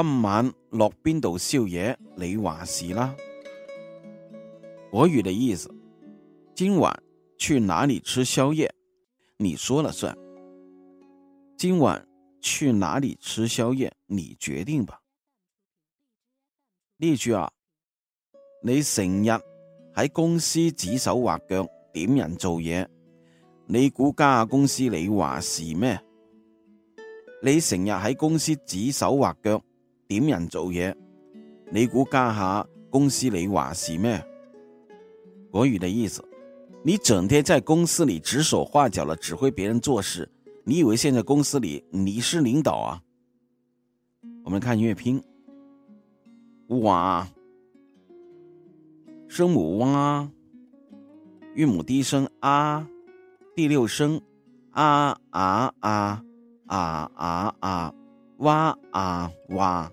今晚落邊度宵夜，你話事啦。國語的意思，今晚去哪裏吃宵夜，你說了算。今晚去哪裏吃宵夜，你決定吧。呢處啊，你成日喺公司指手畫腳點人做嘢，你估家下公司你話事咩？你成日喺公司指手畫腳。點人做嘢，你估家下公司你話事咩？國語的意思，你整天在公司裏指手畫腳啦，指揮別人做事，你以為現在公司裏你是領導啊？我們看粵拼，哇，聲母哇！韻母低聲啊，第六聲啊啊啊啊啊啊，啊，啊啊、哇啊哇。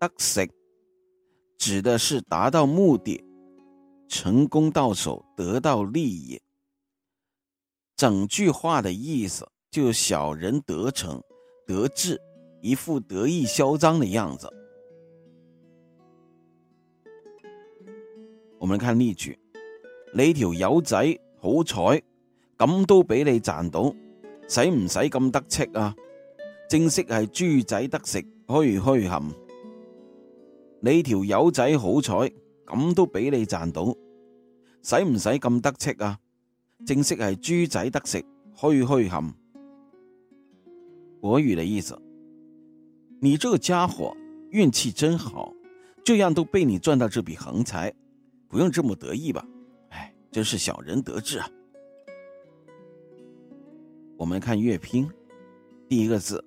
得食，指的是達到目的，成功到手，得到利益。整句話的意思，就係小人得逞、得志，一副得意囂張的樣子。我們看呢句，你條友仔好彩，咁都俾你賺到，使唔使咁得戚啊？正式係豬仔得食，虛虛冚。」你條友仔好彩，咁都俾你賺到，使唔使咁得戚啊？正式係豬仔得食，墟墟冚。國語的意思，你這個家伙運氣真好，這樣都被你賺到這筆橫財，不用這麼得意吧？唉，真是小人得志啊！我們看粵拼，第一個字，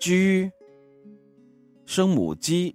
豬，聲母雞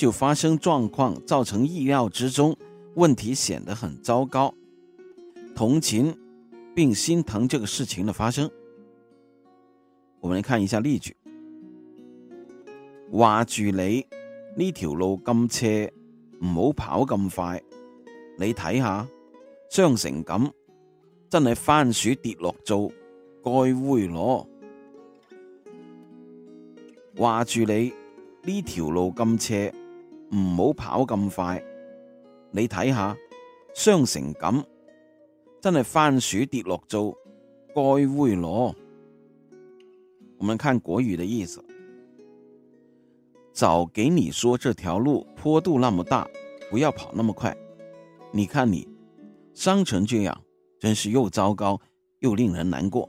就發生狀況，造成意料之中問題，顯得很糟糕。同情並心疼這個事情的發生。我們嚟看一下例句：話住你，呢條路咁斜，唔好跑咁快。你睇下，傷成咁，真係番薯跌落灶，該煨咯。話住你，呢條路咁斜，唔好跑咁快！你睇下，傷成咁，真係番薯跌落灶，該煨咯。我們看國語的意思：早給你說這條路坡度那麼大，不要跑那麼快。你看你傷成這樣，真是又糟糕又令人難過。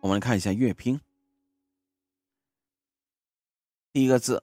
我們看一下粵拼，第一個字。